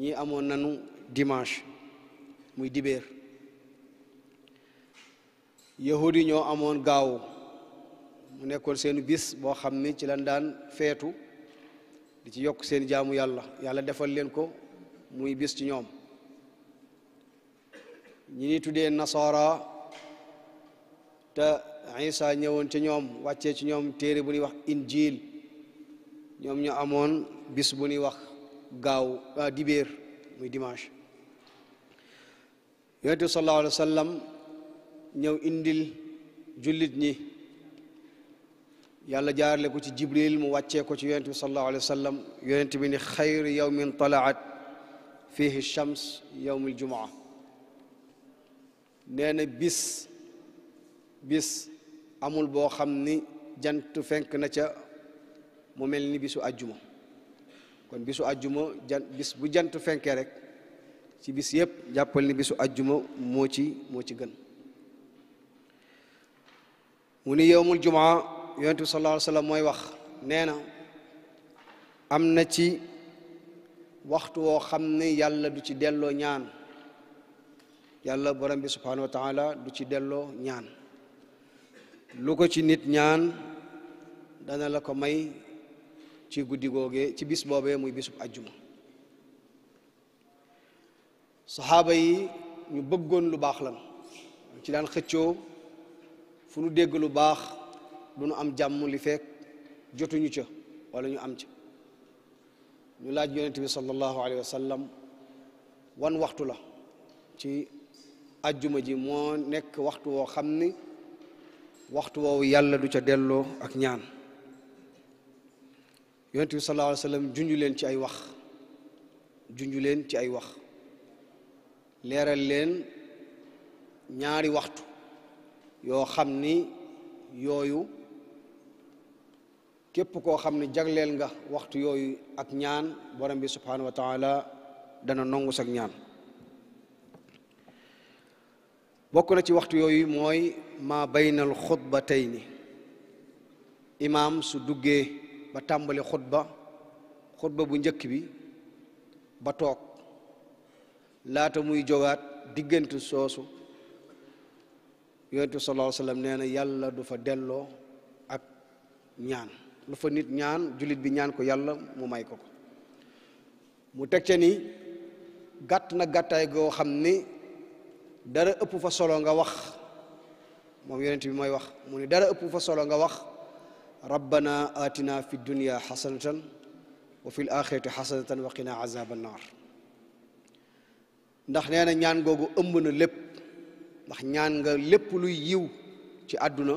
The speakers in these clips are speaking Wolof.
ñii amoon nanu dimanche muy dibéer yahudi ñoo amoon gaaw mu nekkoon seen bis boo xam ni ci lan daan feetu di ci yokk seen jaamu yàlla yàlla defal leen ko muy bis ci ñoom ñi ni tuddee te isa ñëwoon ci ñoom wàcce ci ñoom téere bu ñuy wax injil ñoom ñu amoon bis bu ñuy wax gaaw ah, dibéer muy dimanche yonent bi sallallahu alayhi wa sallam ñëw indil jullit ñi yàlla jaarale ko ci jibril mu wàccee ci yonent bi sallallahu bi ni xayru yawmin talaat fihi shams yawmul jumaa nee bis bis amul boo xam ni jant fenk na ca mu mel ni bisu àjjuma kon bisu àjjuma bis bu jant fenkee rek ci bis yëpp jàppal ni bisu àjjuma moo ci moo ci gën mu ni yowmul jumaa yonent bi sallallahu alayhi wasallam mooy wax nee na am na ci waxtu woo xam ne yàlla du ci delloo ñaan yàlla borom bi subhanahu wa du ci delloo ñaan lu ko ci nit ñaan dana la ko may ci guddi googee ci bis boobee muy bisub ajjuma saxaaba yi ñu bëggoon lu baax lan ci daan xëccoo fu nu dégg lu baax du nu am jàmm li fekk jotuñu ca walla ñu am ca ñu laaj yonent bi sallallahu alayhi wa sallam wan waxtu la ci ajjuma ji moo nekk waxtu woo xam ni waxtu woowu yàlla du ca delloo ak ñaan yonent bi sallallahu alayhi wa leen ci ay wax junju leen ci ay wax leeral leen ñaari waxtu yoo xam ni yooyu képp koo xam ne jagleel nga waxtu yooyu ak ñaan borom bi subhanahu wa taala dana nongu sak ñaan bokk na ci waxtu yooyu mooy ma baynal xutbatayni imaam su duggee ba tàmbali xutba xutba bu njëkk bi ba toog laata muy jogaat diggante soosu yonent bi sallallahu alayhi wa sallam nee na yàlla du fa delloo ak ñaan lu fa nit ñaan jullit bi ñaan ko yàlla mu may ko mu teg ca ni gàtt na gàttaay goo xam ni dara ëpp fa solo nga wax moom yonent bi mooy wax mu ni dara ëpp fa solo nga wax rabbana atina fi dunia xasanatan wa fi l axirati wa qina azab annaar ndax nee ñaan googu ëmb na lépp ndax ñaan nga lépp luy yiw ci àdduna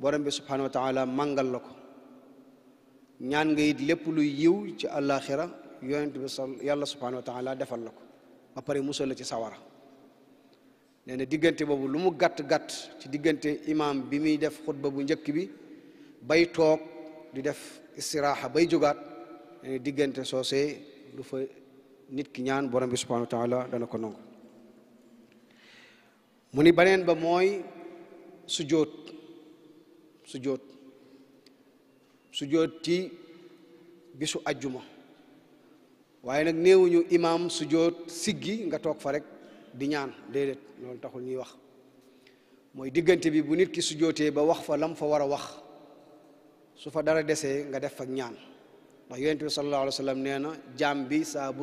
borom bi subhanahu wa taala la ko ñaan nga it lépp luy yiw ci àllaaxira yonent bi yàlla subhanahu wa taala defal la ko ba pare musal la ci sawara nee na diggante boobu lu mu gàtt-gàtt ci diggante imaam bi muy def xutba bu njëkk bi bay toog di def istiraaxa bay jógaat eh, diggante soose lu fa nit ki ñaan borom bi subhanahu wa dana ko nangu mu ni baneen ba mooy sujjóot sujjóot sujjóot ci bisu ajjuma waaye nag néewuñu imaam sujjóot siggi nga toog fa rek di ñaan déedéet loolu taxul ñuy wax mooy diggante bi bu nit ki sujjóotee ba wax fa lam fa war a wax su fa dara desee nga def ak ñaan ndax yonent bi nee na jaam bi saa bu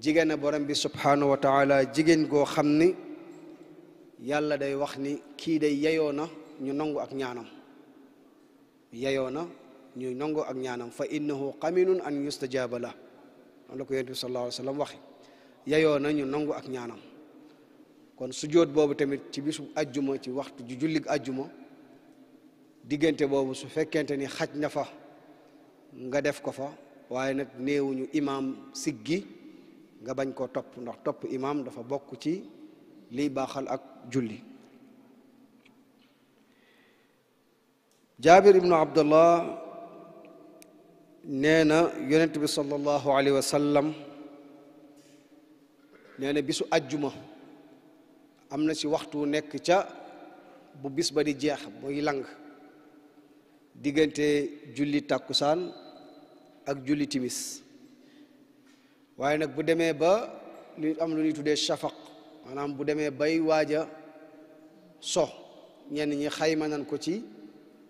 jigéen a borom bi subhaanahu wa jigéen goo xam ni yàlla day wax ni kii day yeyoo na ñu nangu ak ñaanam yeyoo na ñu nangu ak ñaanam fa innahu qaminun an yustajaaba la ko yonent bi sallallahu alayhi wa sallam waxe na ñu nangu ak ñaanam kon sujjoot boobu tamit ci bisu ajjuma ci waxtu ju jullig ajjuma diggante boobu su fekkente ni xaj na fa nga def ko fa waaye nag neewuñu néewuñu imaam gi nga bañ koo topp ndax topp imaam dafa bokk ci liy baaxal ak julli jaabir ibnu abdullah nee na yonent bi sallallahu alayhi wa sallam nee na bisu ajjuma am na ci waxtu nekk ca bu bis ba di jeex buy lang diggante julli tàkkusaan ak julli timis waaye nag bu demee ba lu am lu ñuy tuddee shafaq maanaam bu demee bay waaja so ñenn ñi xayma nan ko ci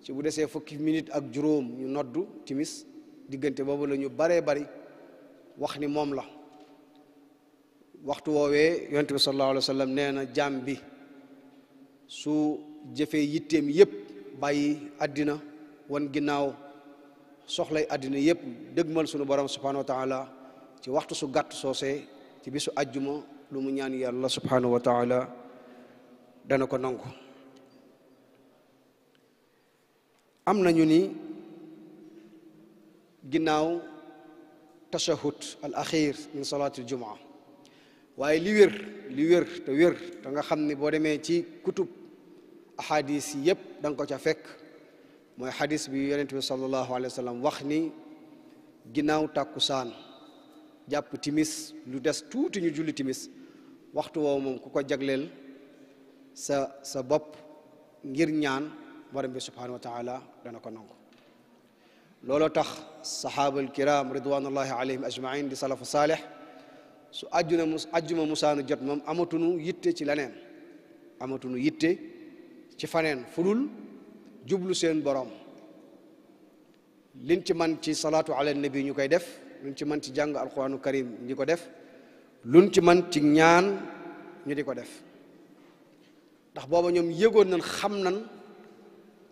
ci bu desee fukki minute ak juróom ñu noddu timis diggante boobu la ñu baree bari wax ni moom la waxtu woowee yonent bi sallallahu alayhi wa sallam nee na jaam bi su jëfee yitteem yépp bàyyi àddina wan ginnaaw soxlay àddina yëpp dëgmal sunu borom subhanahu wa taala ci waxtu su gàtt soosee ci bisu àjjuma lu mu ñaan yàlla subhanahu wa taala dana ko nangu am na ñu ni ginnaaw tashahud al axir min salaatil jumaa waaye li wér li wér te wér te nga xam ne boo demee ci kutub ahadis yi yëpp da ko ca fekk mooy xadis bi yonent bi sallallahu alayhi wax ni ginnaaw tàkkusaan jàpp timis lu des tuuti ñu julli timis waxtu woowu moom ku ko jagleel sa sa bopp ngir ñaan borom bi subhanahu wa ko nangu looloo tax sahaaba alkiram ridwanullahi alayhim ajmain di salafu saaleh su ajjuna mus ajjuma musaanu jot moom amatunu yitte ci leneen amatunu yitte ci faneen fulul jublu seen boroom liñ ci man ci salaatu ala nabi ñu koy def luñ ci man ci jàng alquranu karim ñu di ko def luñ ci man ci ñaan ñu di ko def ndax booba ñoom yëgoon nañ xam nañ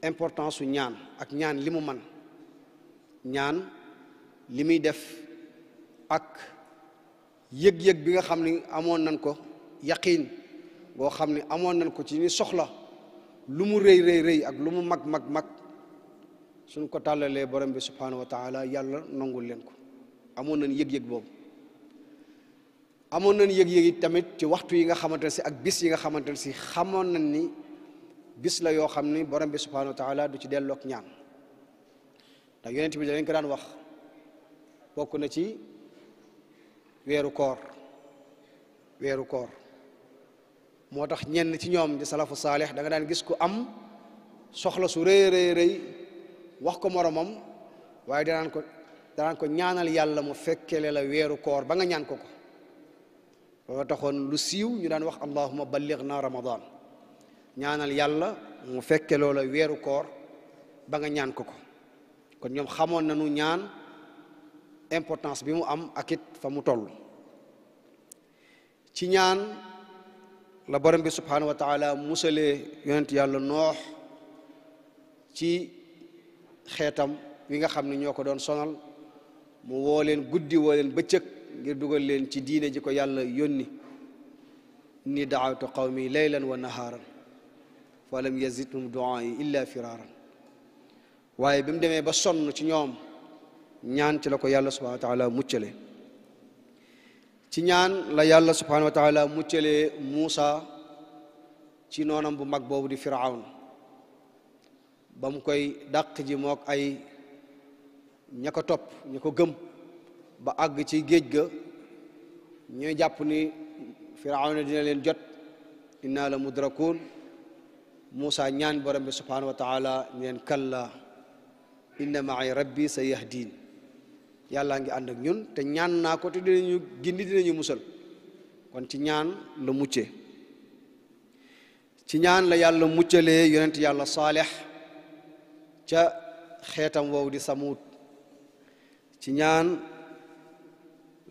importance su ñaan ak ñaan limu man ñaan li muy def ak yëg-yëg bi nga xam ni amoon nañ ko yaqiin boo xam ni amoon nañ ko ci ni soxla lu mu rëy rëy rëy ak lu mu mag mag mag suñ ko tàllalee borom bi subhaanahu wa yàlla nongul leen ko amoon nañ yëg-yëg boobu amoon nañ yëg-yëg tamit ci waxtu yi nga xamante si ak bis yi nga xamante ne si xamoon nañ ni bis la yoo xam ni borom bi subhaanahu wa du ci dellook ñaan ndax yonent bi dañ ko daan wax bokk na ci weeru koor weeru koor moo tax ñenn ci ñoom di salafu saalix da nga daan gis ko am soxla su rëy rëy wax ko moroomam waaye danaan ko danaan ko ñaanal yàlla mu fekkele la weeru koor ba nga ñaan ko ko loolu lu siiw ñu daan wax allahuma balligh na ramadan ñaanal yàlla mu fekke weeru koor ba nga ñaan ko ko kon ñoom xamoon nañu ñaan importance bi mu am akit fa mu toll ci ñaan la borom bi subhaanahu wa taala musalee yonent yàlla noox ci xeetam wi nga xam ne ñoo ko doon sonal mu woo leen guddi woo leen bëccëg ngir dugal leen ci diine ji ko yàlla yónni inni daawtu qawmi laylan wa nahaaran fa lam yazidhum duaai illa firaaran waaye bi mu demee ba sonn ci ñoom ñaan ci la ko yàlla subhaanahu wa taala muccale ci ñaan la yàlla subhanahu wa mu muccalee Muusa ci noonam bu mag boobu di firawn ba mu koy dàq ji mook ay ña ko topp ña ko gëm ba àgg ci géej ga ñooy jàpp ni firawna dina leen jot inna la mudrakun Muusa ñaan borom bi subhanahu wa taala ñu kalla inna maay rabbi sa diin yàllaa ngi ànd ak ñun te ñaan naa ko te dinañu gindi ñu musal kon ci ñaan la muccee ci ñaan la yàlla muccalee yonent yàlla saalex ca xeetam wow di samuut ci ñaan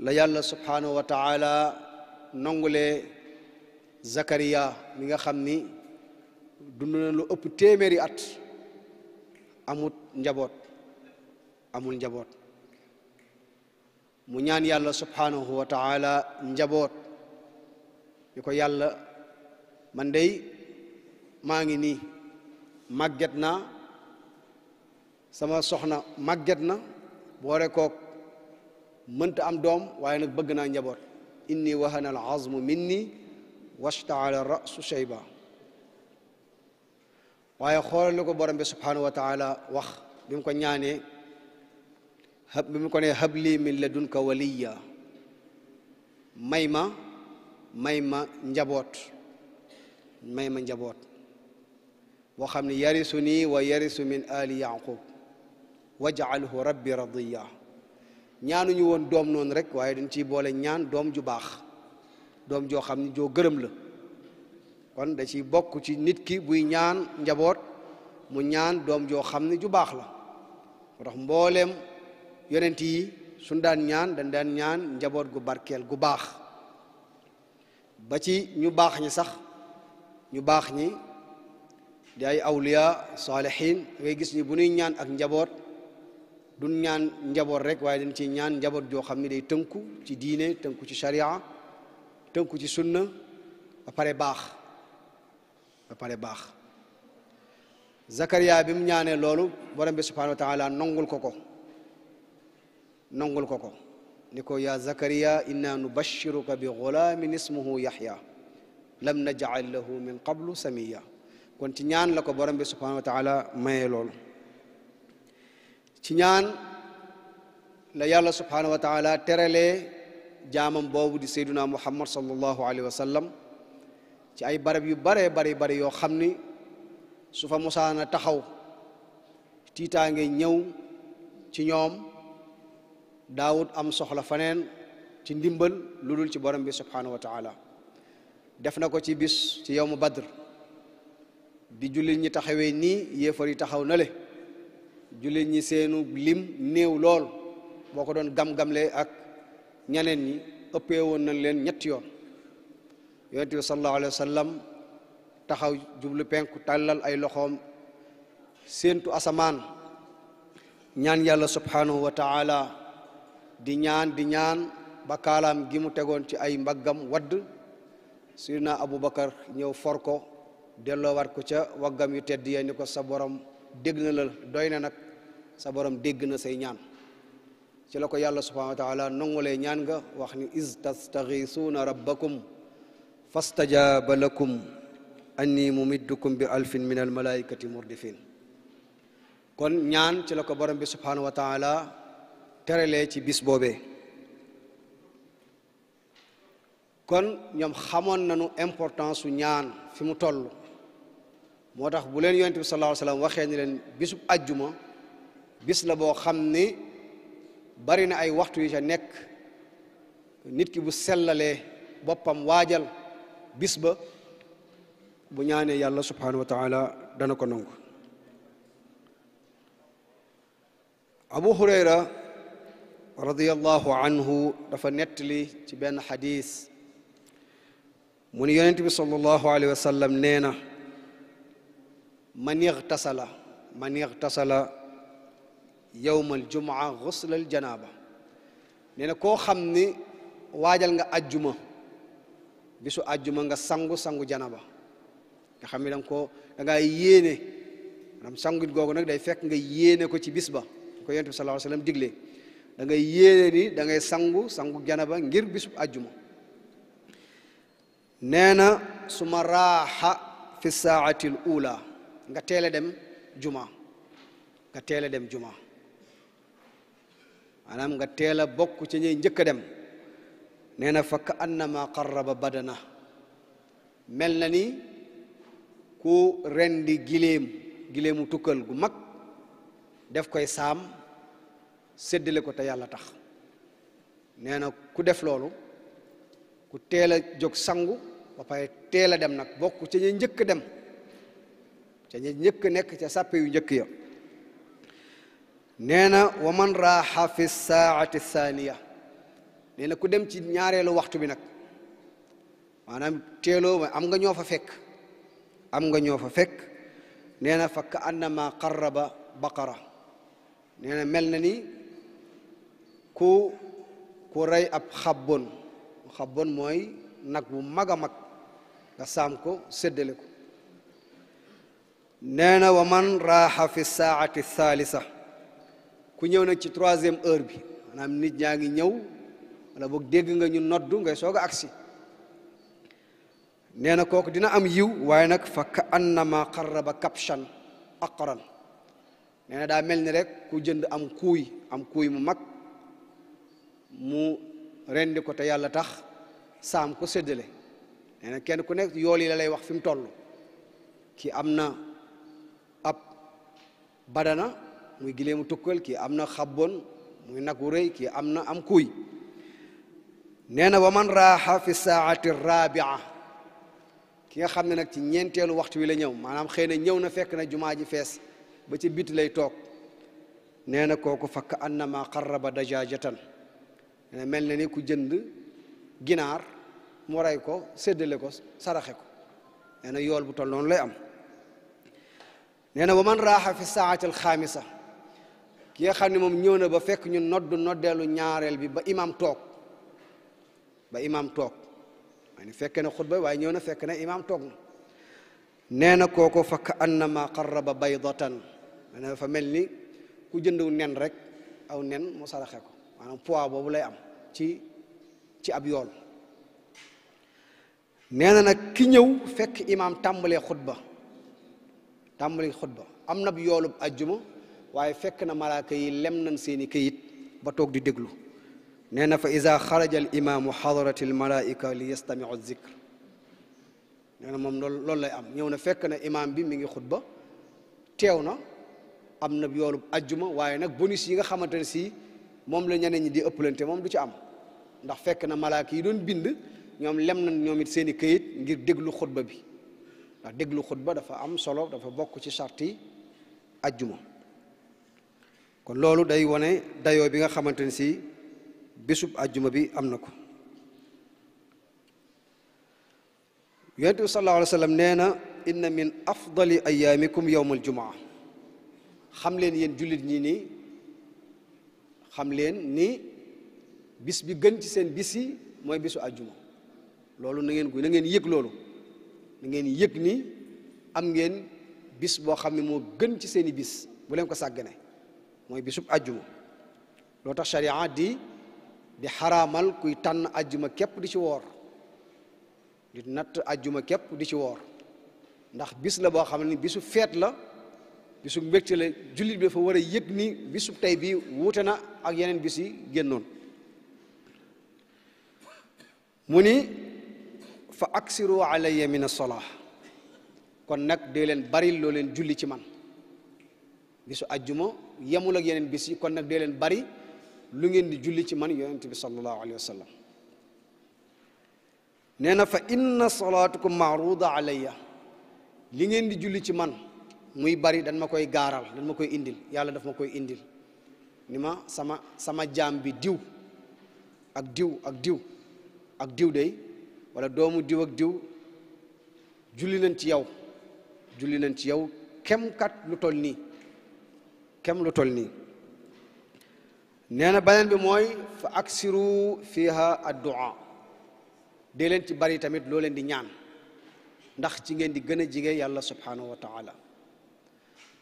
la yàlla subhanahu wa taala nongulee zakariya mi nga xam ni dund na lu ëpp téeméeri at amut njaboot amul njaboot mu ñaan yàlla subhanahu wa taala njaboot yu ko yàlla man dey maa ngi nii màgget naa sama soxna màgget na boore kook mënta am doom waaye nag bëgg naa njaboot inni wahana al azmu minni washtaala rasu shayba waaye xoolal li ko borom bi subhanahu wa taala wax bi mu ko ñaanee hab bi mu ko nee hab lii min ladunka waliya may ma may ma njaboot may ma njaboot boo xam ne yarisu nii wa yarisu min ali yaqub wajaalhu rabbi radiya ñaanuñu woon doom noonu rek waaye dañ ciy boole ñaan doom ju baax doom joo xam ne joo gërëm la kon da ciy bokk ci nit ki buy ñaan njaboot mu ñaan doom joo xam ne ju baax la moo tax mbooleem yonent yi suñ daan ñaan dañ daan ñaan njaboot gu barkeel gu baax ba ci ñu baax ñi sax ñu baax ñi di ay awliya saalihin ngay gis ni bu ñuy ñaan ak njaboot du ñaan njaboot rek waaye dañ ci ñaan njaboot joo xam ne day tënku ci diine tënku ci sharia tënku ci sunna ba pare baax ba pare baax Zakaria bi mu ñaanee loolu borom bi subhanahu nongul ko ko nangul ko ko ni ko yaa zakariya inna nubashiruka bi gulaamin ismuhu yaxya lam najal lahu min qablu samiya kon ci ñaan la ko borom bi subhanahu wa lool ci ñaan la yàlla subhanahu wa taala teralee jaamam boobu di sayduna muhammad sallallahu alayhi ci ay barab yu bare bari bari yoo xam ni su fa musaana taxaw tiitaange ñëw ci ñoom daawut am soxla faneen ci ndimbal lu dul ci borom bi subhaanahu wa taala def na ko ci bis ci yowmu badr di jullit ñi taxawee nii yéefar taxaw na le jullit ñi seenu lim néew lool boo ko doon gam-gamlee ak ñaneen ñi ëppee woon nañ leen ñetti yoon yonent bi sallallahu wa sallam taxaw jublu penku tàllal ay loxoom séentu asamaan ñaan yàlla subhaanahu wa taala di ñaan di ñaan ba kaalaam gi mu tegoon ci ay mbaggam wadd abu Aboubacar ñëw for ko delloowaat ko ca waggam yu tedd yee ko sa borom dégg na la doy na nag sa borom dégg na say ñaan ci la ko yàlla subhanahu wa taala nongulee ñaan nga wax ni iz tastaghisuuna rabbakum fastajaaba lakum anni mumiddukum bi alfin min almalaikati murdifin kon ñaan ci la ko borom bi subhanahu wa teralee ci bis boobee kon ñoom xamoon nañu importance su ñaan fi mu toll moo tax bu leen yonent bi sallallahu waxee ni leen bisub ajjuma bis la boo xam ni bari na ay waxtu yu ca nekk nit ki bu sellalee boppam waajal bis ba bu ñaanee yàlla subhanahu wa dana ko nangu abu hurayra radiyallahu anhu dafa nettali ci benn xadis mu ni yonent bi sallallahu alayhi nee na man ixtasala man ixtasala yowma aljumaa xusla aljanaba nee na koo xam ni waajal nga ajjuma bisu ajjuma nga sangu-sangu janaba nga xam ne danga ko da ngaa yéene maanaam sangut googu nag day fekk nga yéene ko ci bis ba ko yonent bi sallallahu alayhi digle dangay ngay yéene ni sangu sangu janaba ngir bisub ajjuma nee na su ma raaxa fi saati l nga teel a dem juma nga teel dem juma maanaam nga teel a bokk ci ñuy njëkk a dem nee na fa ka annama badana mel na ni ko rendi giléem giléemu tukkal gu mag def koy saam séddale ko te yàlla tax nee na ku def loolu ku teel a jóg sangu ba pare teel a dem nag bokk ca ña njëkk dem ca ña njëkk nekk ca sàppe njëkk ya nee na wa man raaxa fi saati thaniya nee na ku dem ci ñaareelu waxtu bi nag maanaam teeloo ma am nga ñoo fa fekk am nga ñoo fa fekk nee na fa ka annama qarraba baqara nee na mel na ni ku ku rey ab xabbon xabbon mooy nag wu mag a mag nga saam ko séddale ko nee na wa man raaxa fi saati thaalisa ku ñëw na ci troisième heure bi maanaam nit ñaa ngi ñëw wala boog dégg nga ñu noddu ngay soog a agsi nee na kooku dina am yiw waaye nag fa ka annama qarraba kabshan aqran nee na daa mel ni rek ku jënd am kuuy am kuuy mu mag mu rendi ko te yàlla tax saam ko seddale nee kenn ku nekk yool yi la lay wax fi mu toll kii am na ab badana muy mu tukkal ki am na xabon muy nag wu rëy kii am na am kuy nee na wa man raaxa fi saati rabia ki nga xam ne nag ci ñeenteelu waxtu wi la ñëw maanaam xëy na ñëw na fekk na jumaa ji fees ba ci biti lay toog nee na kooku fakk annama qarraba dajaajatan ne mel na ni ku jënd ginaar mu rey ko séddale ko saraxe ko nee yool bu tol noonu lay am nee na wa man raaxa fi saati alxaamisa ki nga xam ne moom ñëw na ba fekk ñu noddu noddeelu ñaareel bi ba imam toog ba imam toog maa ni fekke na xutba waaye ñëw na fekk na imam toog nee na kooko fa ka annama qarraba mel ni ku jëndu nen rek aw nen mu saraxe ko maanaam poids boobu lay am ci ci ab yool nee na nag ki ñëw fekk imaam tàmbalee xutba tàmbalee xutba am na yoolub ajjuma waaye fekk na malaaka yi lem nañ seeni kayit ba toog di déglu nee na fa ida xaraja al imaamu xadarati al malaika li yastamiu zikr nee na moom loolu lay am ñëw na fekk na imaam bi mi ngi xutba teew na am na yoolub ajjuma waaye nag bonus yi nga xamante si moom la ñeneen ñi di ëppalante moom du ci am ndax fekk na malaaka yi doon bind ñoom lem na ñoom it seeni i këyit ngir déglu xutba bi ndax déglu xutba dafa am solo dafa bokk ci sarti ajjuma kon loolu day wone dayo bi nga xamante ne si bésub ajjuma bi am na ko yonent bi sallallahu alayhi wa sallam nee na inna min afdali ayaamikum yowm aljumaa xam leen yéen jullit ñi nii xam leen ni bis bi gën ci seen bis yi mooy bisu àjjuma loolu na ngeen ko na ngeen yëg loolu na ngeen yëg ni am ngeen bis boo xam ne moo gën ci seen i bis bu leen ko sàggane mooy bisub àjjuma loo tax sharia di di xaraamal kuy tànn àjjuma képp di ci woor di natt àjjuma képp di ci woor ndax bis la boo xam ne bisu feet la bisub mbégte la jullit bi dafa war a yëg ni bisub tey bii wuute na ak yeneen bis génnoon mu ni fa aksiru alayya min as sola kon nag dee leen bari loo leen julli ci man bisu ajjuma yemul ak yeneen bis kon nag dee bari lu ngeen di julli ci man yonent bi sallallahu alayhi wa nee na fa inna salaatukum maaruda alayya li ngeen di julli ci man muy bari dañ ma koy gaaral dañ ma koy indil yàlla daf ma koy indil ni ma sama sama jaam bi diw ak diw ak diw ak diw day wala doomu diw ak diw julli nañ ci yow julli nañ ci yow kem kat lu toll nii kem lu toll nii nee na beneen bi mooy fa aksiru fiha addua dee leen ci bari tamit loo leen di ñaan ndax ci ngeen di gën a jige yàlla subhanahu wa taala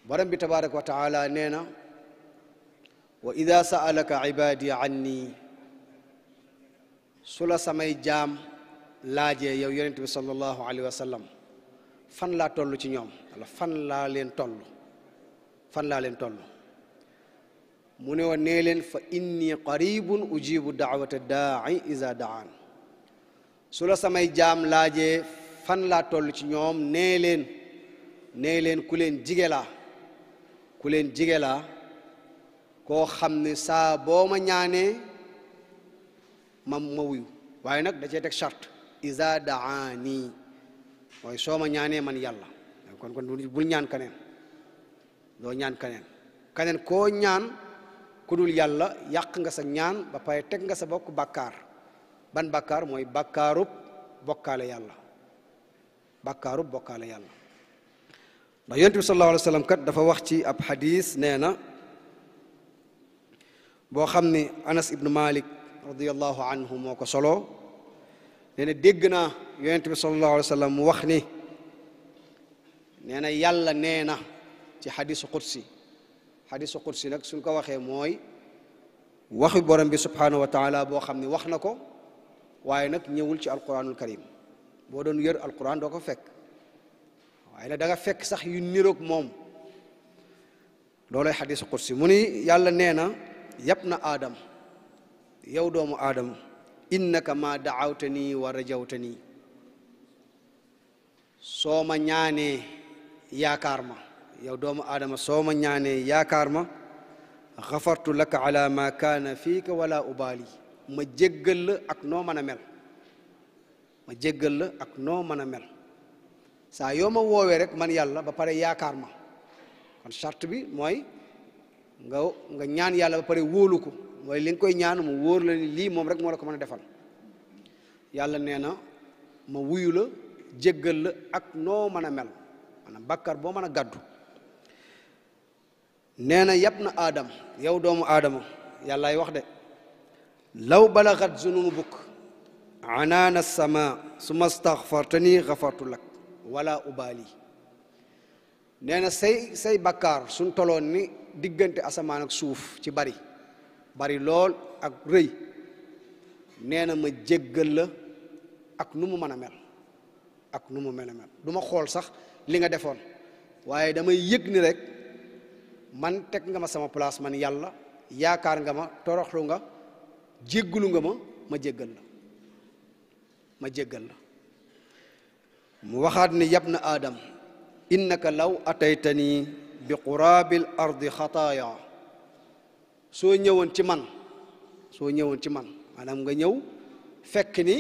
borom bi tabaraka wa taala nee na wa ida saalaka ibadi anni su samay jaam laaje yow yonent bi sallallahu alayhi wa sallam fan laa toll ci ñoom fan laa leen toll fan laa leen toll mu ne woon nee leen fa inni qaribun ujibu daawata daai iza daan su samay jaam laaje fan laa toll ci ñoom nee leen nee leen ku leen jige laa ku leen jige la koo xam ne saa boo ma ñaanee ma wuyu waaye nag da cee teg chart isa daani mooy soo ma man yàlla kon kon bul ñaan kaneen doo ñaan kaneen kaneen koo ñaan ku dul yàlla yàq nga sa ñaan ba pare teg nga sa bokk bàkkaar ban bakkaar mooy bàkkaarub bokkaale yàlla bàkkaarub bokkaale yàlla ndax yonent bi sallallahu kat dafa wax ci ab xadis nee na boo xam ni anas ibnu malik radiallahu moo ko solo nee na dégg naa yonent bi sallallahu mu wax ni nee na yàlla nee na ci xadisu qudsi xadisu qudsi nag suñ ko waxee mooy waxi borom bi subhaanahu wa taala boo xam ni wax na ko waaye nag ñëwul ci alquranul karim boo doon yër alquran doo ko fekk waaye nag da fekk sax yu niroog moom loolay xadisu qudsi mu ni yàlla nee na yab na aadam yow doomu aadama innaka ma daawta nii wa rajawta nii soo ma ñaanee yaakaar ma yow doomu aadama soo ma ñaanee yaakaar ma xafartu laka ala ma kaana fiika wala ubaali ma jéggal la ak noo mën mel ma jéggal la ak noo mën a mel saa yoo ma woowee rek man yàlla ba pare yaakaar ma kon charte bi mooy nga nga ñaan yàlla ba pare woolu ko mooy li nga koy ñaan mu wóor la ni lii moom rek moo la ko mën a defal yàlla nee na ma wuyula la la ak noo mën a mel maanaam bàkkaar boo mën a gàddu nee na yàpp na aadam yow doomu aadama yàllaay wax de law balagat zunuubuk anaana sama su ma staxfartani xafartu lak wala ubaali nee na say say bakkaar suñ toloon ni diggante asamaan ak suuf ci bari bari lool ak rëy nee na ma jéggal la ak nu mu mën a mel ak nu mu mën a mel du ma xool sax li nga defoon waaye damay yëg ni rek man teg nga ma sama place man yàlla yaakaar nga ma toroxlu nga jéggalu nga ma ma jéggal la ma jéggal la mu waxaat ne yabna aadam innaka law ataytani bi quraabil ardi xataaya soo ñëwoon ci man soo ñëwoon ci man maanaam nga ñëw fekk ni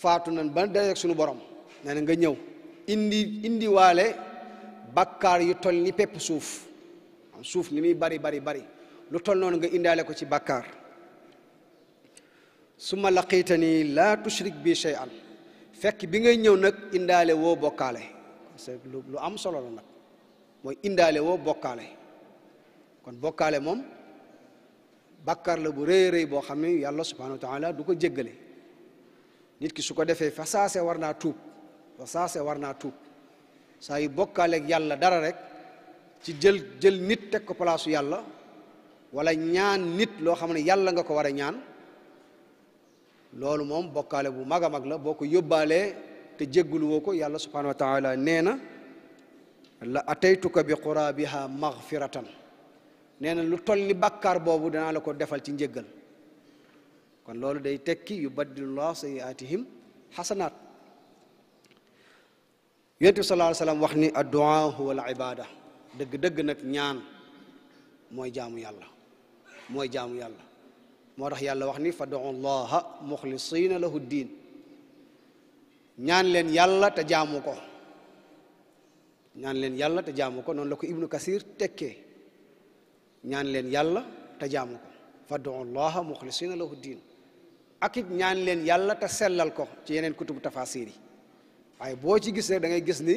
faatu nan ba dara sunu borom nee nga ñëw indi indiwaale bakkaar yu toll ni pepp suuf suuf ni muy bari bari bari lu toll noonu nga indaale ko ci bakkaar summa laqiitani la tushrik bi shay'an fekk bi ngay ñëw nag indaale woo bokkaale parce lu am solo la nag mooy indaale woo bokkaale kon bokkaale moom bàkkaar la bu rëy rëy boo xam ne yàlla subhanahu wa du ko jéggale nit ki su ko defee fa saase war naa tuub fa saase war naa tuub saa yu bokkaaleeg yàlla dara rek ci jël jël nit teg ko palaasu yàlla wala ñaan nit loo xam ne yàlla nga ko war a ñaan loolu moom bokkaale bu mag a mag la boo ko yóbbaalee te jéggulu woo ko yàlla subhanahu wa taala nee na la ataytuka bi quraabiha maghfiratan nee na lu toll ni bàkkaar boobu danaa la ko defal ci njéggal kon loolu day tekki yubaddilullah sayiatihim xasanaat yonent bi sallallahu alayhi wasallam wax ni adduaa huwa al ibada dëgg-dëgg nag ñaan mooy jaamu yàlla mooy jaamu yàlla moo tax yàlla wax ni fadu llaha muxlisina lahu diin ñaan leen yàlla te jaamu ko ñaan leen yàlla te jaamu ko noonu la ko ibnu kasir tekkee ñaan leen yàlla te jaamu ko fadu llaha muxlisina lahu diin akit ñaan leen yàlla ta sellal ko ci yeneen kutubu tafasir waaye boo ci gis rek da ngay gis ni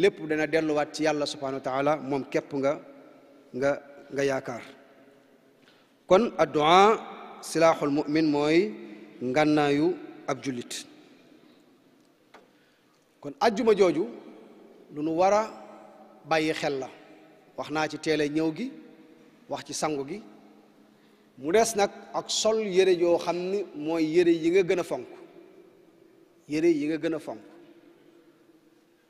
lépp dana delluwaat ci yàlla subhanahu wa taala moom képp nga nga nga yaakaar kon addu'a silaaxul mu'min mooy ngànnaayu ab jullit kon ajjuma jooju lu nu war a bàyyi xel la wax naa ci teele ñëw gi wax ci sangu gi mu des nag ak sol yére yoo xam ni mooy yére yi nga gën a fonk yére yi nga gën a fonk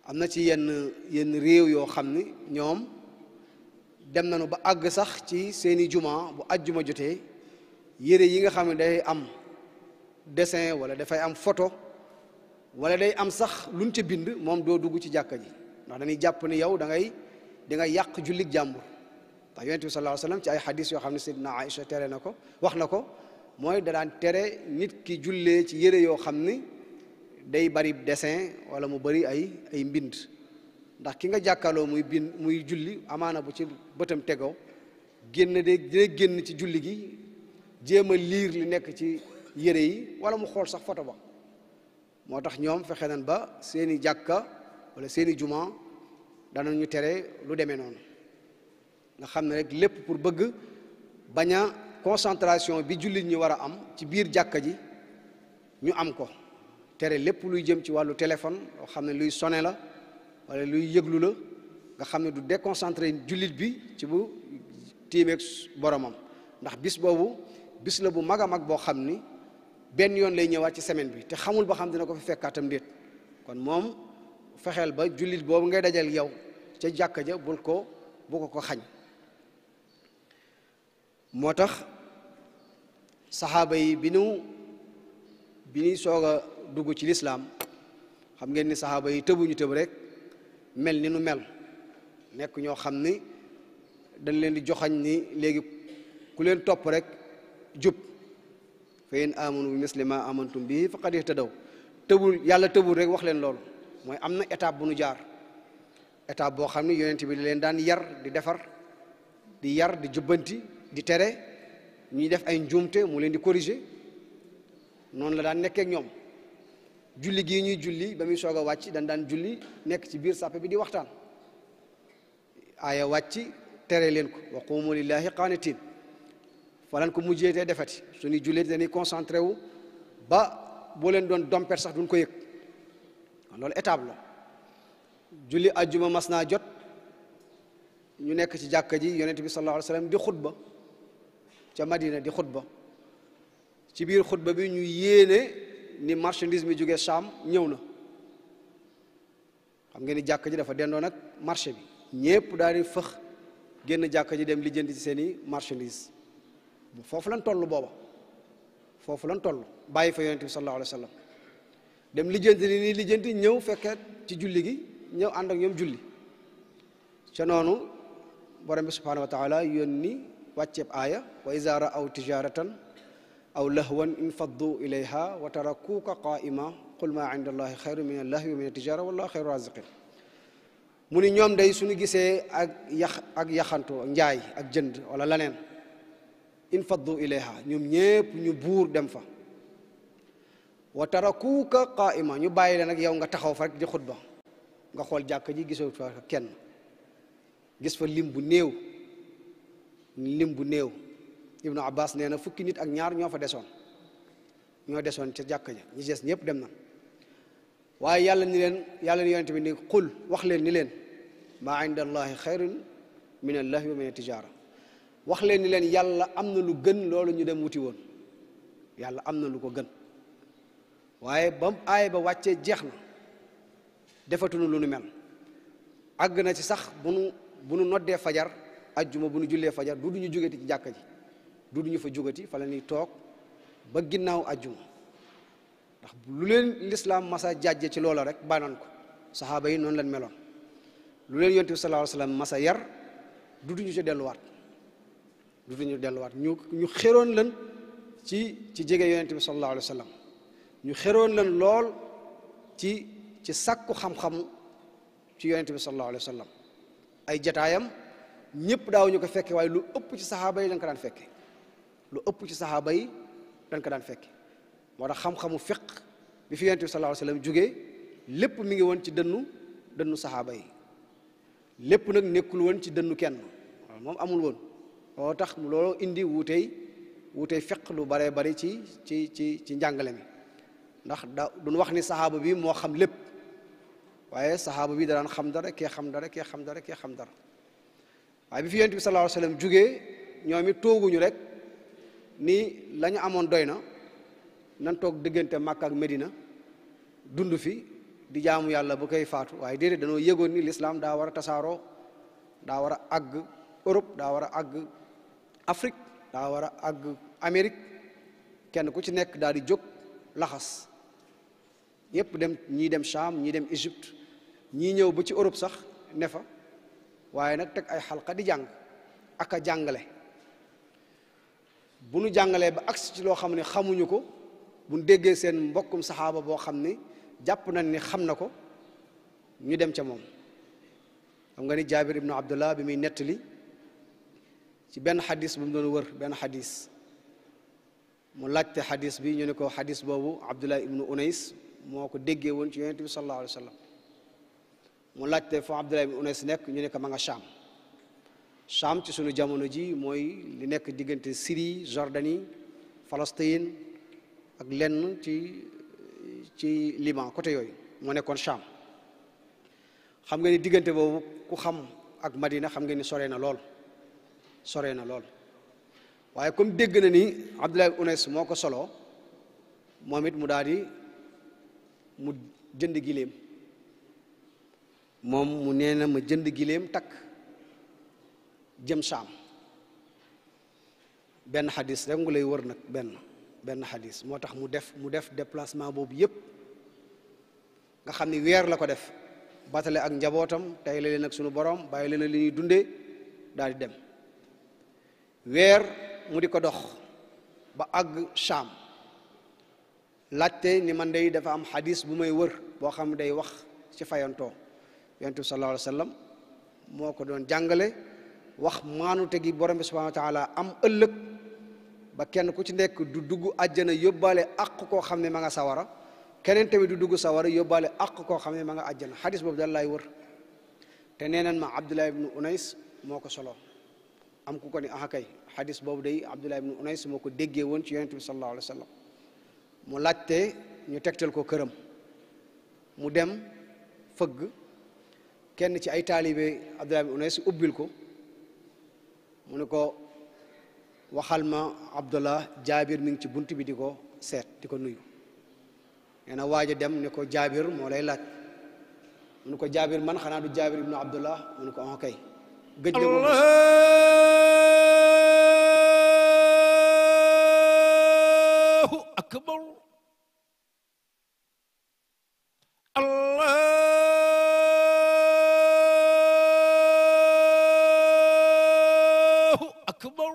am na ci yenn yenn réew yoo xam ni ñoom dem nañu ba àgg sax ci seeni jumaa bu ajjuma jotee yére yi nga xam ne day am dessin wala dafay am photo walla day am sax luñ ci bind moom doo dugg ci jàkka ji ndax dañuy jàpp ne yow da ngay da yàq jullit jàmbur ndax yonent bi sallallahu ci ay xadis yoo xam ne ay Aïcha tere na ko wax na ko mooy da daan tere nit ki jullee ci yére yoo xam ni day bari dessin wala mu bari ay ay mbind ndax ki nga jàkkaarloo muy bind muy julli amaana bu ci bëtam tegoo génn de génn ci julli gi jéem a liir li nekk ci yére yi wala mu xool sax photo ba moo tax ñoom fexe nañ ba seeni jàkka wala seeni juma danañu tere lu demee noonu nga xam ne rek lépp pour bëgg bañ a concentration bi jullit ñi war a am ci biir jàkka ji ñu am ko tere lépp luy jëm ci wàllu téléphone loo xam ne luy sone la walla luy yëglu la nga xam ne du déconcentré jullit bi ci bu tiimeeg boromam ndax bis boobu bis la bu mag a mag boo xam ni benn yoon lay ñëwaat ci semaine bi te xamul ba xam dina ko fi fekkaatam déet kon moom fexeel ba jullit boobu ngay dajal yow ca jàkka ja bul ko bu ko ko xañ moo tax saxaaba yi bi nu bi ñuy soog a dugg ci lislaam xam ngeen ni saxaaba yi tëbuñu tëb rek mel ni nu mel nekk ñoo xam ni dañ leen di joxañ ni léegi ku leen topp rek jub fa in amanu bi misli ma amantum bi faqad ihtadaw tëbul yàlla tëbul rek wax leen lool mooy am na état bu nu jaar étape boo xam ne yonent bi di leen daan yar di defar di yar di jubbanti di tere ñuy def ay njuumte mu leen di corriger noonu la daan nekkee ñoom julli gii ñuy julli ba muy soog a wàcc dañ daan julli nekk ci biir sàppe bi di waxtaan aaya wàcc tere leen ko wa qumu lillahi qaanitin fa lañ ko mujjee tey defati suñuy jullit dañuy concentré wu ba boo leen doon domper sax duñ ko yëg loolu étape la julli ajjuma mas naa jot ñu nekk ci jàkka ji yonent bi sallallahu alayhi wa sallam di xutba ca Madina di xutba ci biir xutba bi ñu yéene ni marchandise mi jóge Saam ñëw na xam nga ni jàkka ji dafa dendoon ak marché bi ñépp daal di fëx génn jàkka ji dem lijjanti ci seen i marchandise foofu lan toll booba foofu lan toll bàyyi fa yonent bi sallallahu alayhi wa ci julli ñëw ànd ak ñoom noonu borom bi subhanahu wa taala yónni wàcceeb aaya wa iza ra'aw mu ni ñoom day suñu gisee ak yax ak ak njaay ak jënd wala leneen in faddu ilayha ñoom ñépp ñu buur dem fa wa tarakuuka qaa'ima ñu bàyyi leen nag yow nga taxaw fa rek di xutba nga xool jàkk ji gisoo fa kenn gis fa lim bu néew lim bu néew ibnu abbas nee na fukki nit ak ñaar ñoo fa desoon ñoo desoon ca jàkk ja ñi des ñëpp dem na waaye yàlla ni leen yàlla ni yonent bi ni qul wax leen ni leen maa inda allahi xayrun min allahi wa min tijaara wax leen ni leen yàlla am na lu gën loolu ñu dem wuti woon yàlla am na lu ko gën waaye ba mu aay ba wàccee jeex na defatuñu lu nu mel àgg na ci sax bu nu bu nu noddee fajar ajjuma bu nu jullee fajar du duñu jógati ci jàkka ji du duñu fa jógati fa la ñuy toog ba ginnaaw ajjuma ndax lu leen lislaam masa jàjje ci loola rek banoon ko saxaaba yi noonu lañ meloon lu leen yonent bi sallallahu alayhi wasallam masa yar du duñu ci delluwaat dutuñu delluwaat ñu ñu xéroon lan ci ci jege yonent bi sallallahu alayhi wa sallam ñu xeroon lan lool ci ci sàkku xam-xamu ci yonent bi sallallahu alayhi wa ay jataayam ñëpp daaw ñu ko fekke waaye lu ëpp ci saxaaba yi dañ ko daan fekke lu ëpp ci saxaaba yi dañ ko daan fekke moo tax xam-xamu fiq bi fi yonent bi sallallahu alayhi wa lépp mu ngi woon ci dënnu dënnu saxaaba yi lépp nag nekkul woon ci dënnu kenn moom amul woon moo tax mu looloo indi wuutey wuutey feq lu baree bari ci ci ci ci njàngale mi ndax da duñ wax ni saxaaba bi moo xam lépp waaye saxaaba bi daan xam dara kee xam dara kee xam dara kee xam dara waaye bi fi yonent bi sallallahu alayhi wasallam ñoom it tooguñu rek ni la amoon doy na nan toog diggante Makka ak Medina dund fi di jaamu yàlla bu koy faatu waaye déedéet danoo yëgoon ni lislaam daa war a tasaaroo daa war a àgg Europe daa war a àgg Afrique daa war a àgg Amérique kenn ku ci nekk daal di jóg laxas yépp dem ñii dem Cham ñii dem Égypte ñii ñëw ba ci Europe sax ne fa waaye nag teg ay xalqa di jàng ak a jàngale bu nu jàngalee ba agsi ci loo xam ne xamuñu ko bu nu déggee seen mbokkum saxaaba boo xam ne jàpp nañ ni xam na ko ñu dem ca moom xam nga ni Jaabir ibnu Abdullah bi muy nettali ci benn xadis bu mu doon wër benn xadis mu laajte xadis bi ñu ne ko xadis boobu abdullah ibnu unays moo ko déggee woon ci yonent bi sallallahu alayhi mu laajte foo abdullah ibnu unays nekk ñu ne ko ma nga Cham Cham ci suñu jamono ji mooy li nekk diggante siri Jordanie Palestine ak lenn ci ci Liban côté yooyu moo nekkoon Cham xam nga ni diggante boobu ku xam ak Madina xam nga ni sore na lool sore na lool waaye comme dégg na ni Abdullahi Unes moo ko soloo moom it mu daal di mu jënd giléem moom mu nee na ma jënd giléem takk jëm saam benn xadis rek ngu lay wër nag benn benn xadis moo tax mu def mu def déplacement boobu yépp nga xam ni weer la ko def batale ak njabootam tey la leen ak sunu borom bàyyi leen li ñuy dundee daal dem weer mu di ko dox ba àgg Shaam laajte ni man day dafa am xadis bu may wër boo xam day wax ci fayantoo yonent bi sallallahu alayhi moo ko doon jàngale wax maanute gi borom bi subhanahu wa am ëllëg ba kenn ku ci nekk du dugg àjjana yóbbaale àq koo xam ne ma nga sawara keneen tamit du dugg sawara yóbbaale àq koo xam ne ma nga àjjana xadis boobu daal laay wër te nee nañ ma Abdullah ibnu Unays moo ko solo am ku ko ne ah kay xadis boobu day Abdullah ibn Unays moo ko déggee woon ci yonent bi sallallahu alayhi wa mu laajte ñu tegtel ko këram mu dem fëgg kenn ci ay taalibe Abdullah ibn Unays ubbil ko mu ne ko waxal ma Abdullah Jaabir mi ngi ci bunt bi di ko seet di ko nuyu nee na waaj dem ni ko Jaabir moo lay laaj mu ne ko Jaabir man xanaa du Jaabir ibn Abdullah mu ne ko ah kay gëj na ko allahu akbar allahu akbar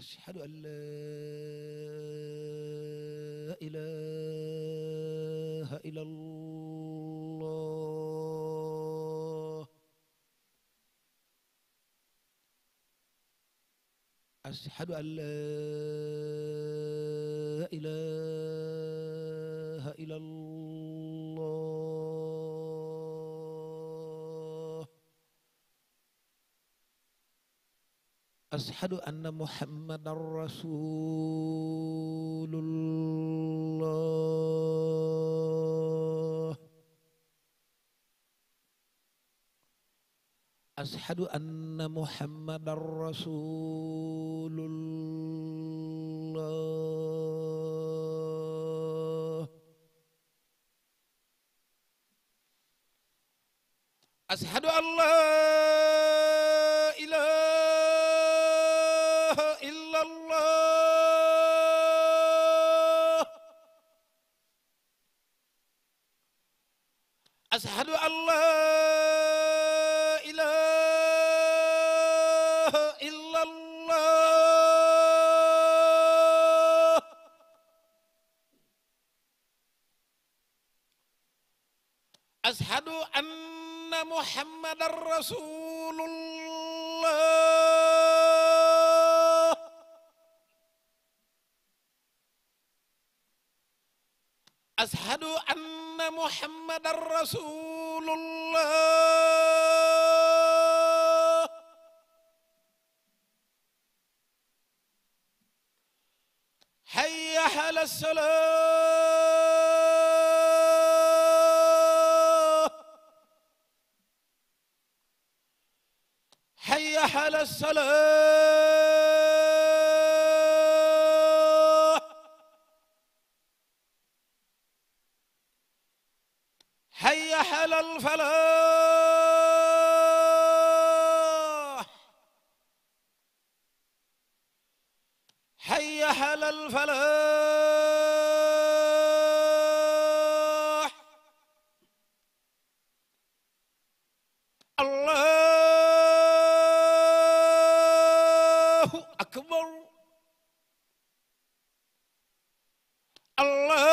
ashhadu an la ilaha illa allah ashhadu an laa ilaaha illallah ashhadu anna muhammadan rasul ashadu anna muhammadan rasulullah ashadu an laa ilaaha illa allah ashadu an laa محمد رسول الله أشهد أن محمد رسول الله حي على السلام الصلاة Allah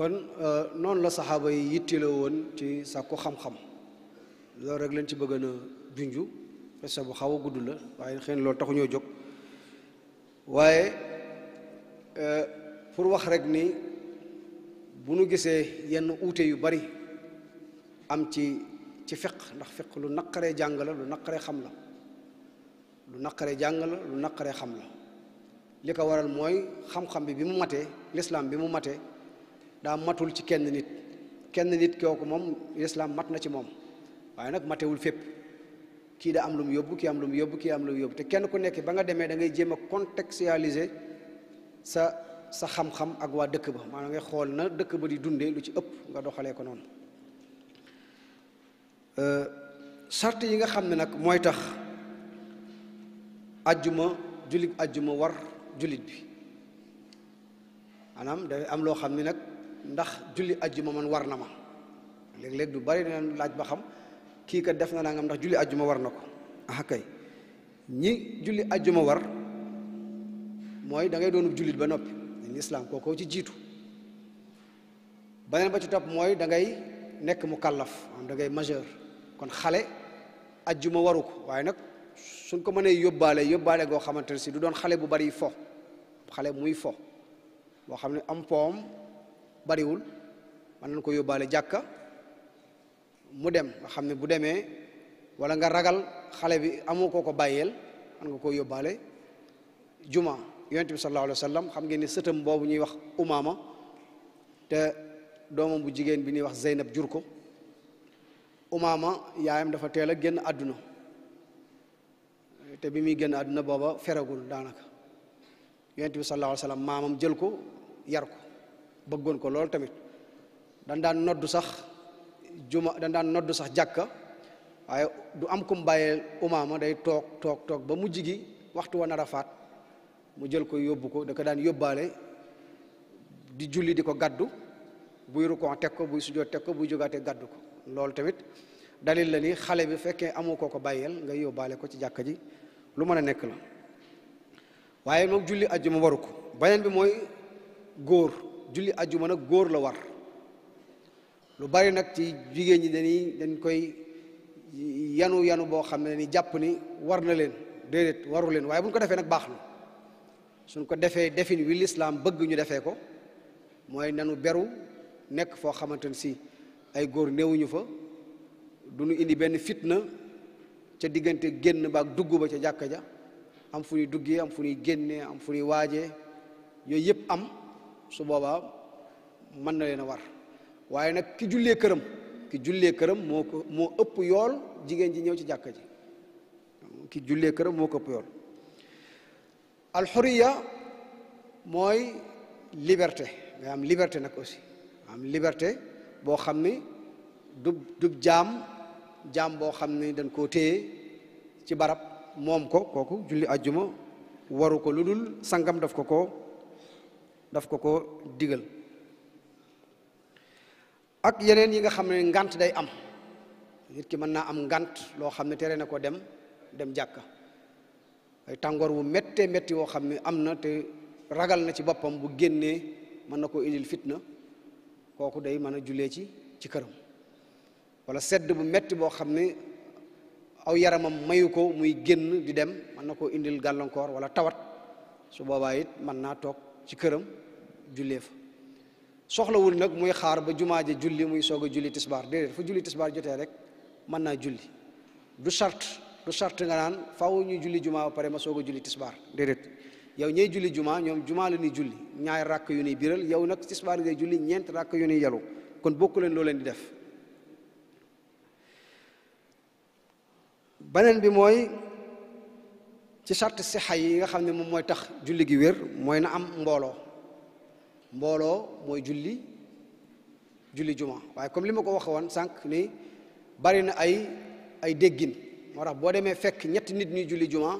kon euh, noonu la saxaaba yi yittile woon ci sàkku xam-xam loolu rek lañ ci bëgg na junju xisa bu xaw a gudd la waaye xëy na loolu taxu ñoo jóg waaye euh, pour wax rek ni bu nu gisee yenn uute yu bari am ci ci fiq ndax fiq lu naqaree jàng la lu naqaree xam la lu naqaree jàng lu naqaree xam la li ko waral mooy xam-xam bi bi mu matee lislaam bi mu matee daa matul ci kenn nit kenn nit kooku moom lislaam mat na ci moom waaye nag matewul fépp kii da am lu mu yóbbu kii am lu mu yóbbu kii am lu mu te kenn ku nekk ba nga demee da ngay jéem a contextualiser sa sa xam-xam ak waa dëkk ba maanaam ngay xool na dëkk ba di dundee lu ci ëpp nga doxalee ko noonu sart euh, yi nga xam ne nag mooy tax ajjuma jullit ajjuma war jullit bi maanaam day am loo xam ni nag ndax julli ajjuma man war na ma léeg-léeg du bari dinañ laaj ba xam kii ka def na nangam ndax julli ajjuma war na ko ah kay ñi julli ajjuma war mooy dangay ngay doonub jullit ba noppi dañ lislaam kooko ci jiitu beneen ba ci topp mooy dangay nekk mu kàllaf am da kon xale ajjuma waru ko waaye nag suñ ko mënee yóbbaale yóbbaale goo xamante ne si du doon xale bu bari fo xale muy fo boo xam ne am bariwul mën nañ ko yóbbaale jàkka mu dem xam ne bu demee wala nga ragal xale bi amu koo ko bàyyeel mën nga koo yóbbaale juma yonent bi sallallahu alayhi wa sallam xam ngeen ni sëtam boobu ñuy wax umaama te doomam bu jigéen bi ñuy wax zeynab jur ko umaama yaayam dafa teel a génn àdduna te bi muy génn àdduna booba feragul daanaka yonent bi sallallahu alayhi wa maamam jël ko yar ko bëggoon ko lool tamit dan daan noddu sax juma dan daan noddu sax jàkka waaye du am kum bàyyee umaama day toog toog toog ba mu jigi waxtu wa nar faat mu jël ko yóbbu ko da ko daan yóbbaale di julli di ko gàddu buy rukon teg ko buy sujoo teg ko buy jógaatee gàddu ko loolu tamit dalil la ni xale bi fekkee amoo koo ko bàyyeel nga yóbbaale ko ci jàkka ji lu mën a nekk la waaye moom julli àjjuma waru ko beneen bi mooy góor julli ajjuma nag góor la war lu bari nag ci jigéen ñi dañuy dañ koy yanu yanu boo xam ne ni jàpp ni war na leen déedéet waru leen waaye bu ñu ko defee nag baax na suñ ko defee defin wi lislaam bëgg ñu defee ko mooy nanu beru nekk foo xamante ne si ay góor néewuñu fa du ñu indi benn fitna ca diggante génn ba ak dugg ba ca jàkka ja am fu ñuy duggee am fu ñuy génnee am fu ñuy waaje yooyu yëpp am su boobaa mën na leen a war waaye nag ki jullee këram ki jullee këram moo ko moo ëpp yool jigéen ji ñëw ci jàkka ji ki jullee këram moo ko ëpp yool alxuriya mooy liberté nga am liberté nag aussi am liberté boo xam ni dub jaam jaam boo xam ni dañ koo téye ci barab moom ko kooku julli àjjuma waru ko lu dul sangam def ko ko daf ko ko digal ak yeneen yi nga xam ne ngant day am nit ki mën naa am ngant loo xam ne tere na ko dem dem jàkka ay tàngoor bu méttee métti woo xam ne am na te ragal na ci boppam bu génnee mën na koo indil fitna kooku day mën a jullee ci ci këram wala sedd bu metti boo xam ne aw yaramam mayu ko muy génn di dem mën na koo indil gàllankoor wala tawat su boobaa it mën naa toog ci këram jullee fa soxlawul nag muy xaar ba jumaa ja julli muy soog a julli tisbaar déedéet fa julli tisbaar jotee rek mën naa julli du sart du sart nga naan faaw ñuy julli jumaa ba pare ma soog a julli tisbaar déedéet yow ñey julli jumaa ñoom jumaa la ñuy julli ñaari ràkk yu nuy biral yow nag tisbaar ngay julli ñeent ràkk yu ñuy yalu kon bokku leen loo leen di def beneen bi mooy ci charte sixa yi nga xam ne moom mooy tax julli gi wér mooy na am mbooloo mbooloo mooy julli julli juma waaye comme li ma ko wax woon sànq ni bari na ay ay déggin moo tax boo demee fekk ñetti nit ñuy julli juma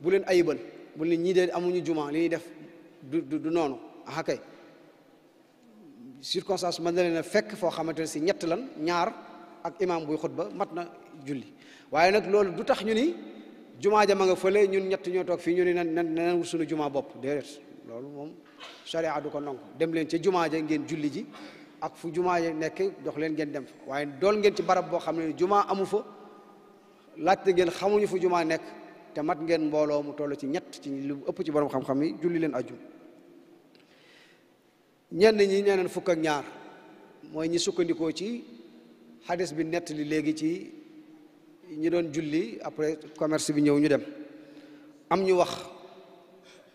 bu leen ayibal bu leen ñii de amuñu juma li ñuy def du du noonu aha kay circonstance mën na leen fekk foo xamante ne si ñett lan ñaar ak imam buy ba mat na julli waaye nag loolu du tax ñu ni jumaa ja ma nga fële ñun ñett ñoo toog fii ñu ne nan nan wut suñu jumaa bopp déedéet loolu moom charia du ko nangu dem leen ci jumaa ja ngeen julli ji ak fu jumaa ja nekk dox leen ngeen dem waaye dool ngeen ci barab boo xam ne jumaa amu fa laajte ngeen xamuñu fu jumaa nekk te mat ngeen mbooloo mu toll ci ñett ci lu ëpp ci borom xam-xam yi julli leen aju ñenn ñi ñeneen fukk ak ñaar mooy ñi sukkandikoo ci xadis bi nett li léegi ci ñi doon julli après commerce bi ñëw ñu dem am ñu wax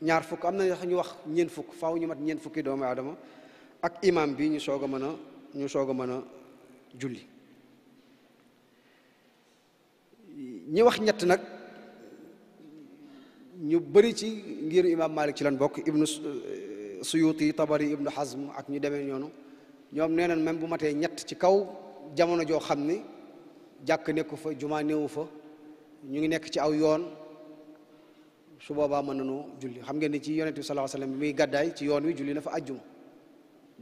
ñaar fukk am na ñu wax ñeent fukk faaw ñu mat ñeent fukki doomu aadama ak imam bi ñu soog a mën a ñu soog a mën a julli ñi wax ñett nag ñu bëri ci ngir imam malik ci lan bokk ibnu eh, suyuti tabari ibnu hazm ak ñu demee ñoonu ñoom nee nañ bu matee ñett ci kaw jamono joo xam ni jàkk nekku fa jumaa néewu fa ñu ngi nekk ci aw yoon su boobaa mën nañu julli xam ngeen ni ci yonent bi sallallahu alayhi bi muy gàddaay ci yoon wi julli na fa ajjuma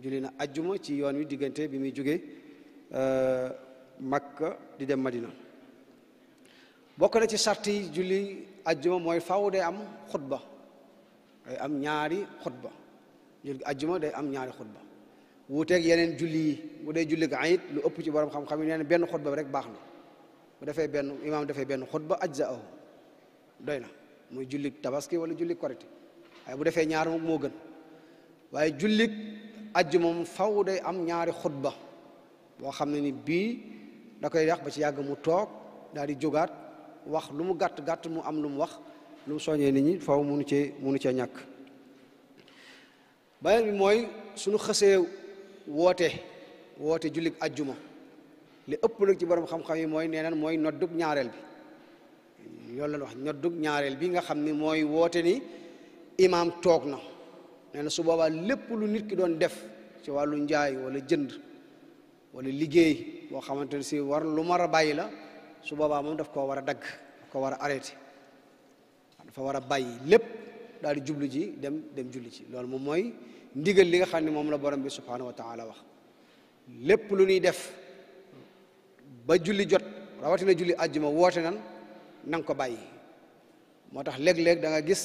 julli na ajjuma ci yoon wi diggante bi muy jóge euh, Makka di dem Madina bokk na ci sarti julli ajjuma mooy faw day am xutba day am ñaari xutba julli ajjuma day am ñaari xutba wuuteeg yeneen julli yi bu dee julli ayit lu ëpp ci borom xam-xam yi nee na benn xutba rek baax na bu defee benn imaam defee benn xutba ajza aw doy na muy julli tabaski wala julli korite waaye bu defee ñaar moom moo gën waaye julli ajju moom faw day am ñaari xutba boo xam ne ni bii da koy wax ba ci yàgg mu toog daal di jógaat wax lu mu gàtt gàtt mu am lu mu wax lu mu soññee nit ñi faw munu cee munu cee ñàkk beneen bi mooy suñu xësee woote woote jullik ajjuma li ëpp nag ci borom xam-xam yi mooy nee nan mooy noddug ñaareel bi loolu la wax ñaareel bi nga xam ni mooy woote ni imaam toog na nee na su boobaa lépp lu nit ki doon def ci wàllu njaay wala jënd walla liggéey boo xamante ne si war lu mar a bàyyi la su boobaa moom daf koo war a dagg ko war a arrêté dafa war a bàyyi lépp daal di jublu ji dem dem julli ci loolu moom mooy ndigal li nga xam ne moom la borom bi subhaanahu wa taala wax lépp lu ñuy def ba julli jot rawatina julli àjjuma woote nan na nga ko bàyyi moo tax léeg-léeg danga gis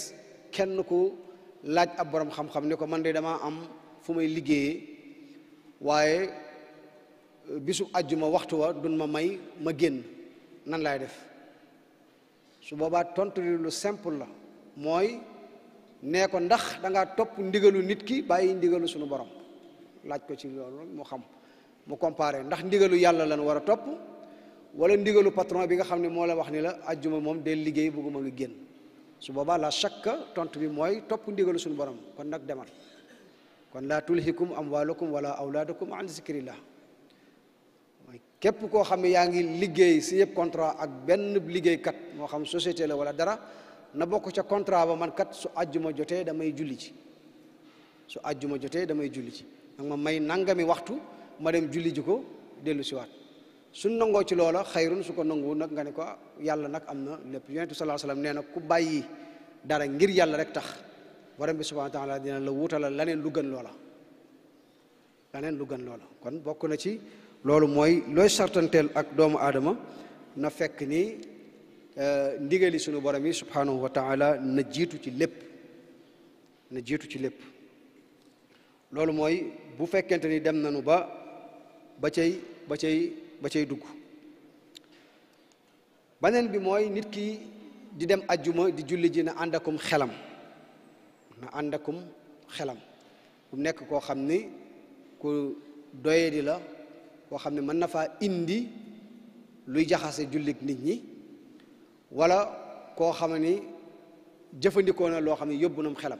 kenn ku laaj ab borom xam-xam ne ko man de dama am fu may liggéeyee waaye bisu àjjuma waxtu wa duñ ma may ma génn nan laay def su boobaa tontu lu simple la mooy nee ko ndax da topp ndigalu nit ki bàyyi ndigalu suñu borom laaj ko ci loolu mu xam mu comparé ndax ndigalu yàlla lan war a topp wala ndigalu patron bi nga xam ne moo la wax ni la ajjuma moom de liggéey bëgguma nga génn su boobaa la chaque tontu bi mooy topp ndigalu suñu borom kon nag demal kon laa tulhikum amwalukum wala awlaadukum an zikrillah mooy képp koo xam ne yaa ngi liggéey si yëpp contrat ak benn liggéeykat moo xam société la wala dara na bokk ca contrat ba man kat su àjjuma jotee damay julli ci su àjjuma jotee damay julli ci nag ma may nangami waxtu ma dem julli ji ko dellu si waat su nangoo ci loola xayrun su ko nanguwul nag nga ne ko ah, yàlla nag am na lépp yonent bi sallallahu alayhi wasallam nee na ku bàyyi dara ngir yàlla rek tax borom bi subhanahu wa dina la wutalal laneen lu gën loola laneen lu gën loola ak doomu aadama na fekk ni Euh, ndigali sunu borom yi subhanahu wa taala na jiitu ci lépp na jiitu ci lépp loolu mooy bu fekkente ni dem nanu ba ba cay ba cay ba cay dugg baneen bi mooy nit ki di dem ajjuma di julli ji na ànd xelam na àndakum xelam bu nekk koo xam ni ku doye di la koo xam ne mën na faa indi luy jaxase jullit nit ñi wala koo xam ni jëfandikoo na loo xam ne yóbbu na mu xelam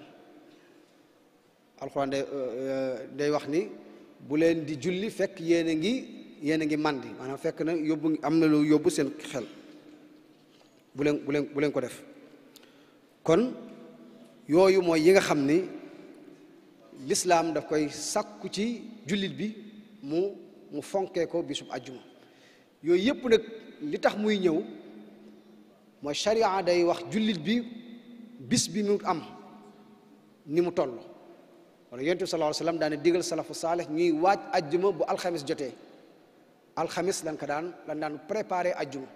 alxuraan day euh, euh, day wax ni bu leen di julli fekk yéen a ngi yéen a ngi màndi maanaam fekk na yóbbu am na lu yóbbu seen xel bu leen bu leen ko def kon yooyu mooy yi nga xam ni lislaam daf koy sàkku ci jullit bi mu mu fonkee ko bisub àjjuma yooyu yëpp nag li tax muy ñëw mooy sharia day wax jullit bi bis bi mu am ni mu toll wala yonent bi sallallahu alayhi daane digal salafu saalih ñuy waaj ajjuma bu alxamis jotee alxamis lan ko daan lan daan préparer ajjuma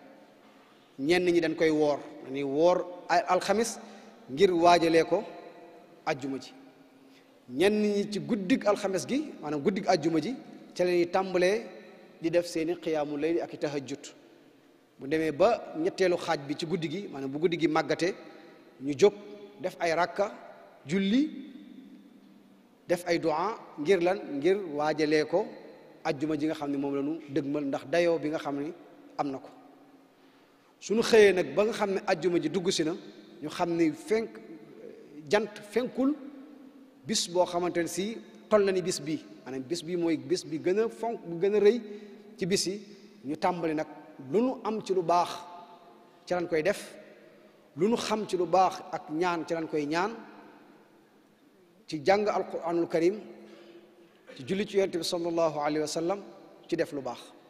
ñenn ñi dañ koy woor dañuy woor alxamis ngir waajale ko ajuma ji ñenn ñi ci guddig alxamis gi maanaam guddig ajuma ji ca la ñuy tàmbalee di def seeni xiyaamu layli ak i tahajjud bu demee ba ñetteelu xaaj bi ci guddi gi maanaam bu guddi gi màggate ñu jóg def ay rakka julli def ay du'a ngir lan ngir waajalee ko ajjuma ji nga xam ne moom la ñu dëgmal ndax dayo bi nga xam ni am na ko suñu xëyee nag ba nga xam ne ajjuma ji dugg si na ñu xam ni fenk jant fenkul bis boo xamante ne si toll na ni bis bi maanaam bis bii mooy bis bi gën a fonk bu gën a rëy ci bis yi ñu tàmbali nag lu nu am ci lu baax ci koy def lu nu xam ci lu baax ak ñaan ci koy ñaan ci jàng alquranul karim ci julli ci yonent bi sallallahu alayhi wa ci def lu baax